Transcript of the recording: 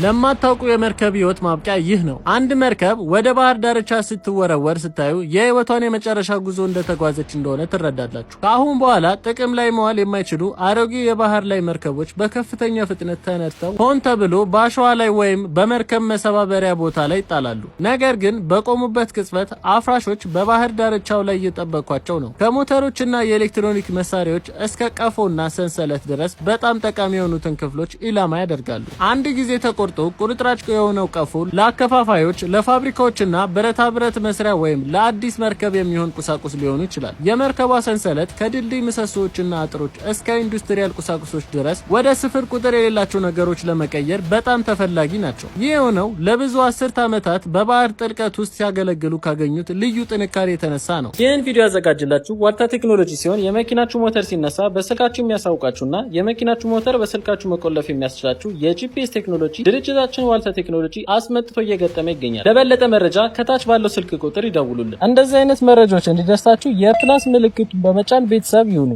ለማታውቁ የመርከብ ህይወት ማብቂያ ይህ ነው። አንድ መርከብ ወደ ባህር ዳርቻ ስትወረወር ስታዩ የህይወቷን የመጨረሻ ጉዞ እንደተጓዘች እንደሆነ ትረዳላችሁ። ከአሁን በኋላ ጥቅም ላይ መዋል የማይችሉ አሮጌ የባህር ላይ መርከቦች በከፍተኛ ፍጥነት ተነድተው ሆን ተብሎ በአሸዋ ላይ ወይም በመርከብ መሰባበሪያ ቦታ ላይ ይጣላሉ። ነገር ግን በቆሙበት ቅጽበት አፍራሾች በባህር ዳርቻው ላይ እየጠበቋቸው ነው። ከሞተሮችና የኤሌክትሮኒክ መሳሪያዎች እስከ ቀፎና ሰንሰለት ድረስ በጣም ጠቃሚ የሆኑትን ክፍሎች ኢላማ ያደርጋሉ። አንድ ጊዜ ተቆርጦ ቁርጥራጭ የሆነው ቀፎ ለአከፋፋዮች፣ ለፋብሪካዎችና ብረታ ብረት መስሪያ ወይም ለአዲስ መርከብ የሚሆን ቁሳቁስ ሊሆኑ ይችላል። የመርከቧ ሰንሰለት ከድልድይ ምሰሶዎችና አጥሮች እስከ ኢንዱስትሪያል ቁሳቁሶች ድረስ ወደ ስፍር ቁጥር የሌላቸው ነገሮች ለመቀየር በጣም ተፈላጊ ናቸው። ይህ የሆነው ለብዙ አስርት ዓመታት በባህር ጥልቀት ውስጥ ሲያገለግሉ ካገኙት ልዩ ጥንካሬ የተነሳ ነው። ይህን ቪዲዮ ያዘጋጅላችሁ ዋልታ ቴክኖሎጂ ሲሆን የመኪናችሁ ሞተር ሲነሳ በስልካችሁ የሚያሳውቃችሁና የመኪናችሁ ሞተር በስልካችሁ መቆለፍ የሚያስችላችሁ የጂፒኤስ ቴክኖሎጂ ድርጅታችን ዋልታ ቴክኖሎጂ አስመጥቶ እየገጠመ ይገኛል። ለበለጠ መረጃ ከታች ባለው ስልክ ቁጥር ይደውሉልን። እንደዚህ አይነት መረጃዎች እንዲደርሳችሁ የፕላስ ምልክቱን በመጫን ቤተሰብ ይሁኑ።